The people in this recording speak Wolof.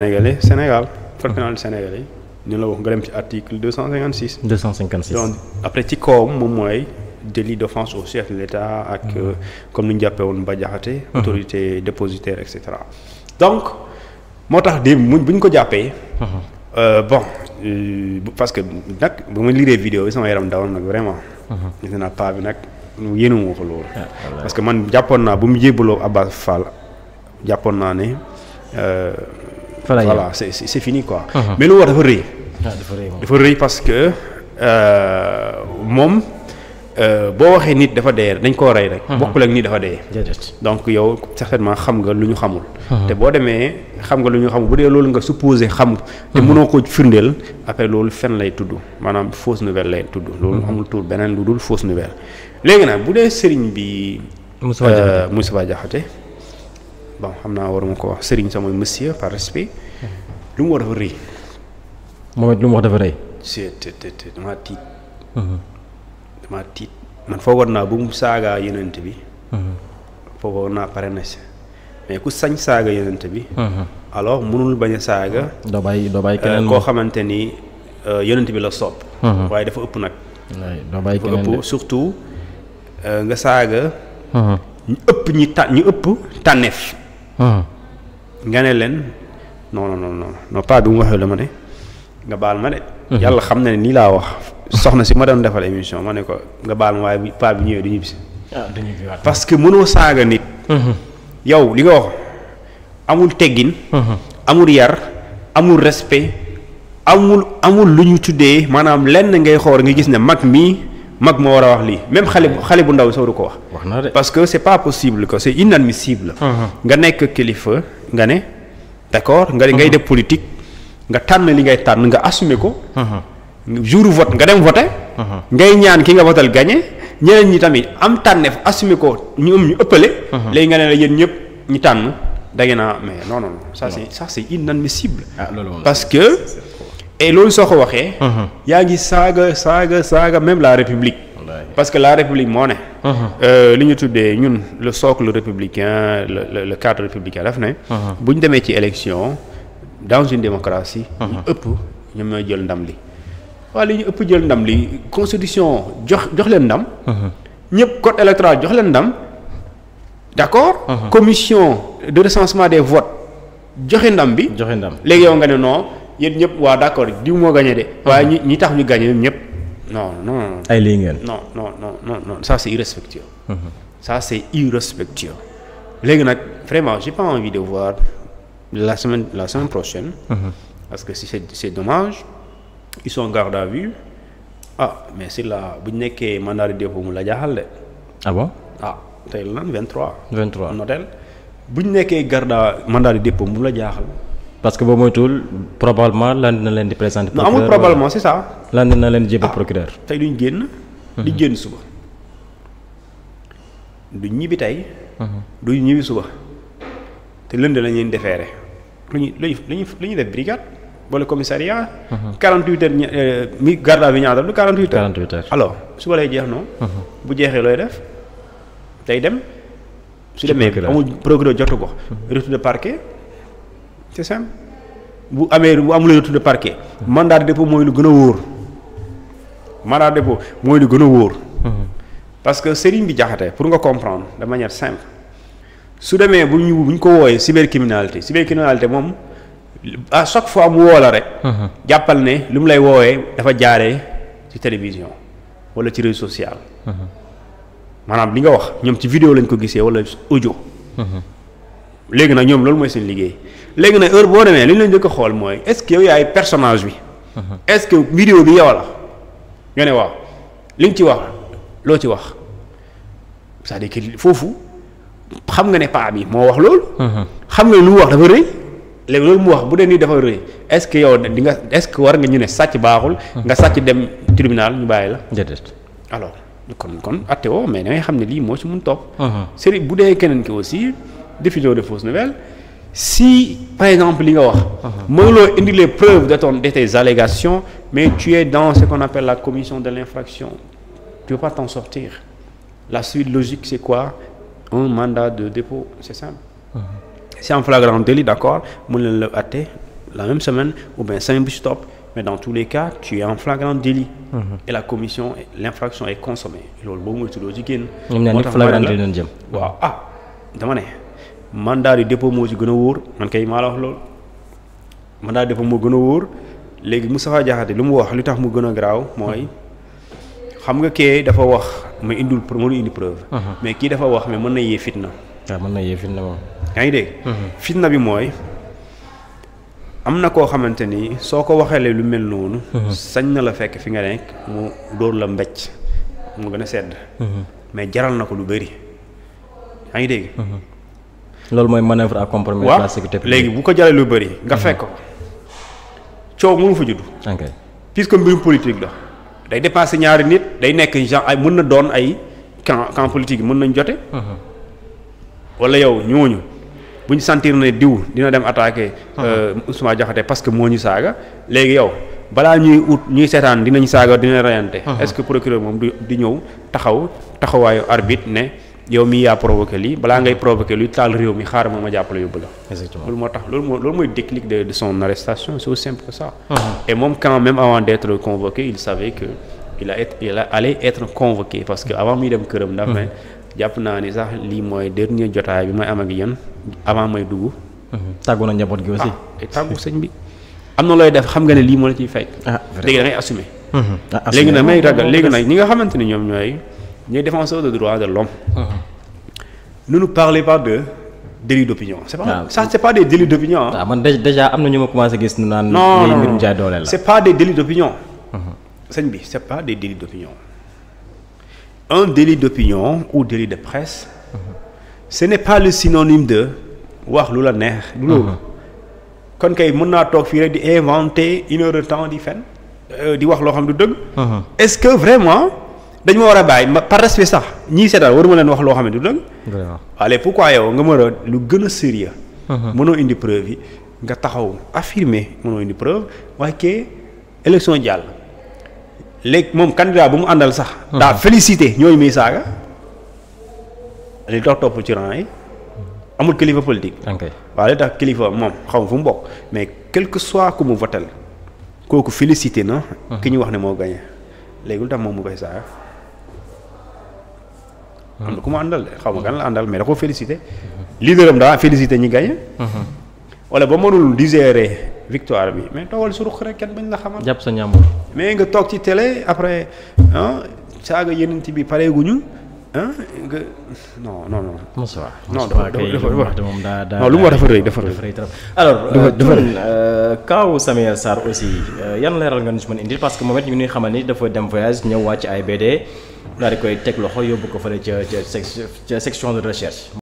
sénégalais Sénégal code ah. pénal ñu la wax nga dem ci article deux cent cinquante six. deux cent cinquante six donc après ci kawam moom mooy délit d'offense au chef de l'État ak mmh. euh, comme ni ñu jàppee woon Bah Diakhaté ah. autorité dépositaire et cetera donc moo tax di mu buñ ko jàppee. Euh, bon euh, parce que nag bu ma liree vidéo bi sama yaram dawoon nag vraiment. gis naa paa bi nag yéenu moo ko loolu. parce que man jàppoon naa bu mu jébbaloo Abbas Fall jàppoon naa ne. Euh, voilà c'est c'est fini quoi. mais lu war dafa rëy. dafa rëy parce que eh, moom eh, boo waxee nit dafa dee dañ koo rey rek. bokkul ak nit dafa dee. donc yow certainement xam nga lu ñu xamul. te boo demee xam nga lu ñu xamul bu dee loolu nga supposé xam. te mënoo ko firndeel après loolu fen lay tudd maanaam fausse nouvelle lay tudd. loolu amul tur beneen lu dul fausse nouvelle. léegi nag bu dee sëriñ bi. Moustapha Diakhaté eh, bon xam naa waruma ko wax sëriñ sama monsieur par respect lu mu wax dafa rëy. moom lu mu wax dafa rëy. Mhm. man foogoon naa bu mu saagaa yonent bi. Mhm. foogoon naa pare na si mais ku sañ saaga yonent bi. Mhm. alors mënul bañ saaga. doo bàyyi doo bàyyi euh, koo xamante ni euh, yonent bi la sopp. waaye dafa ëpp nag. doo bàyyi keneen ëpp surtout euh, nga saaga. ñu ëpp ñu ëpp tànneef. Ah. nga ne leen non non non non pas bi mu waxee la ma ne nga baal ma de. Mhm. yàlla xam na ne nii laa wax soxna si ma doon defal émission ma ne ko nga baal ma waaye pas bi ñëwee du ñibbisi. Ah, parce que mënoo saaga nit. Mhm. yow li nga wax amul teggin. Mhm. amul yar amul respect amul amul lu ñu tuddee maanaam lenn ngay xool nga gis ne mag mii. mag moo war a wax lii même xale bu xale bu ndaw sax du ko wax. de parce que c'est pas possible que c'est inadmissible. Uh-huh. nga nekk kilifa nga ne d'accord. nga ngay uh-huh. def politique nga tànn li ngay tànn nga assumer ko. Uh-huh. jour vote nga dem voter. ngay ñaan ki nga votal gagné ñeneen ñi tamit am tànneef assumer ko ñu am ñu ëppale. léegi nga ne la yéen ñëpp ñu tànn da ngeen a mais non non non ça c'est ça c'est inadmissible. Ah, parce que. et loolu soo ko waxee. Uh-huh. yaa ngi saaga saaga saaga même la république. parce que la république moo ne. Uh-huh. Euh, li ñu tuddee ñun le socle républicain le le cadre républicain daf ne. Uh-huh. bu ñu demee ci élection dans une démocratie. ñu ëpp ñoom ñooy jël ndam li. waaw li ñu ëpp jël ndam li constitution jox jox leen ndam. ñëpp code électoral jox leen ndam. d'accord. commission de recensement des votes joxe ndam bi. joxe ndam léegi yow nga ne non. yéen ñëpp waaw d'accord diw moo gagné de. waaye ñi mhm. ñi tax ñu gagné ñëpp non non non. ay lii ngeen. non non non non non ça c'est irrespectueux. Mhm. ça c'est irrespectueux. léegi nag vraiment j'ai pas envie de voir la semaine la semaine prochaine. Mhm. parce que si c'est c'est dommage ils sont en garde à vue ah mais c'est là bu ñu nekkee mandat de dépôt mu la jaaxal de. ah bon ah tey lan 23. 23 notel bu ñu nekkee garde mandat de dépôt mu la jaaxal. parce que boo moytuwul probablement lan dina leen di présent procureur amul probablement c'est ça. leen jébbal ah, procureur. tey duñ génn. Mhm. di génn suba. duñ ñibbi tey. Mhm. duñ ñibbi suba. te lënd na leen defeere lu ñu lu ñu lu ñu def brigade wala commissariat. 48 mhm. heures ña euh, mi garde à vue ñaata lu 48 heures. 48 heures suba lay jeex noonu. bu jeexee looy def tey dem. su demee amul procureur jotu ko. retour de parquet. c'est simple bu amee bu amul retour de parquet mandat de dépôt mooy lu gën a wóor mandat de mooy lu gën a wóor parce que Serigne bi jaxate pour nga comprendre de manière simple su demee bu ñu bu ñu ko wooyee cybercriminalité cybercriminalité moom à chaque fois mu woo rek jàppal ne lu mu lay woowee dafa jaaree ci télévision wala ci réseau social maanaam li nga wax ñoom ci vidéo lañ ko gisee wala audio mhm. léegi nag ñoom loolu mooy seen liggéey léegi nag heure boo demee li ñu la njëkk xool mooy est yaay personnage bi. Uh-huh. est-ce que vidéo bi yow la nga ne waaw li nga ci wax loo ci wax cest de kii que foofu xam nga ne paa bi moo wax loolu. Uh-huh. xam nga lu wax dafa rëy. léegi loolu mu wax bu dee nii dafa rëy est-ce que yow di nga est-ce que war nga ñu ne sàcc baaxul. Uh-huh. nga sàcc dem tribunal ñu bàyyi la. déedéet alors kon kon atte woo mais da ngay xam ne lii moo ci mun topp. sëriñ bu dee keneen ki aussi diffusion de fausses nouvelles. si par exemple li nga ah, wax. Ah. mënuloo indi les preuves de ton de tes allégations mais tu es dans ce qu'on appelle la commission de l'infraction tu peux pas t'en sortir la suite logique c'est quoi un mandat de dépôt c'est simple. Uh ah. -huh. c'est en flagrant délit d'accord mën leen la atte la même semaine ou bien cinq bis topp mais dans tous les cas tu es en flagrant délit. Uh -huh. et la commission l'infraction est consommée loolu boobu mooy tuddoo ci génn. moo tax waaw ah dama mandat de dépôt moo ci gën a wóor man kay maa la wax loolu mandat daa dépôt moo gën a wóor léegi mu Moustapha Diakhaté lu mu wax li tax mu gën a garaaw mooy xam nga kee dafa wax ma indul mënu indi preuve. Uh-huh. mais kii dafa wax mais mën na yee fitna. waaw ah, mën na yee fitna moom. yaa ngi dégg. Uh-huh. fitna bi mooy am na koo xamante ni soo ko waxeelee lu mel noonu. Uh-huh. sañ na la fekk fi nga nekk mu dóor la mbécc mu gën a sedd. mais jaral na ko lu bëri yaa dégg. loolu mooy manœuvre à compromettre la sécurité publique léegi bu ko jëlee lu bëri nga mhm. fekk ko coow mënu fa judd. ok puisque mbirum politique la day dépasser ñaari nit day nekk genre ay mën na doon ay camp camp mën nañ jote. Mhm. wala yow ñooñu bu ñu sentir ne diw dina dem attaquer. Mhm. Euh, Ousmane Diakhaté parce que moo ñu saaga léegi yow. balaa ñuy ut ñuy seetaan dinañ saaga dina rayante. est que procureur moom du di ñëw taxaw taxawaayu arbit ne. yow mii yaa provoqué lii balaa ngay provoqué luy taal réew mi xaaral ma ma jàppale yóbbu la. exactement loolu moo tax loolu moo loolu mooy technique de de son arrestation c'est aussi simple que ça. Uh -huh. et moom quand même avant d'être convoqué il savait que il a être il allait être convoqué parce que avant muy dem këram. ndax mais uh-huh. jàpp naa ni sax lii mooy dernier jotaay bi may am ak yéen avant may dugg. Uh-huh. tàggu na njaboot gi aussi. Ah, tàggu sëñ bi am na looy def xam nga ne lii moo la ciy ne nous parlez par de délit d'opinion c'est pas ah, ça c'est pas des délits d'opinion ah. man déjà am na ñu ma commencé gis. ñu naan lii mbirum jaay doole la c'est pas des délits d'opinion. Mhm. sëñ bi c'est pas des délits d'opinion. un délit d'opinion ou délit de presse. Mhm. ce n'est pas le synonyme de wax lu la neex. du loolu mhm. kon kay mën naa toog fii rek di inventer une heure temps di fen euh, di wax loo xam du dëgg. est-ce que vraiment. dañ ma war a bàyyi ma par respect sax ñii seetaan waruma leen wax loo xam ne du dëgg. vraiment allez pourquoi yow nga mën a lu gën a sérieux. Uh-huh. mënoo indi preuve yi nga taxaw affirmer mënoo indi preuve waaye que élection jàll. léegi moom candidat bu mu àndal sax. ndaa uh-huh. félicité ñooñu muy saaga. li tax topp ci rang yi. amul kilifa politique. ok waaye li tax kilifa moom xaw ma fu mu bokk mais quel que ku mu votel kooku félicité na. Uh-huh. ki ñu wax ne moo gagné léegi lu tax am na ku mu ah. àndal de xaw ma kan la àndal mais da ko félicité leader am daa félicité ñi gagné. Ah. wala ba mënul digérer victoire bi mais toogal su ruq rek kenn bañ la xamal. jàpp sa ñaamur mais nga toog ci télé après ah saaga yeneen bi pareeguñu. ah nga non non non. Moussa non dafa dafa lu mu wax dafa rëy dafa rëy. alors kaaw Samuel Sarr aussi yan leeral nga nu si mën indi parce que moom it ñu ngi xamal ni dafa dem voyage ñëw wàcc ay BD daal di koy teg loxo yóbbu ko fële ca ca section de recherche.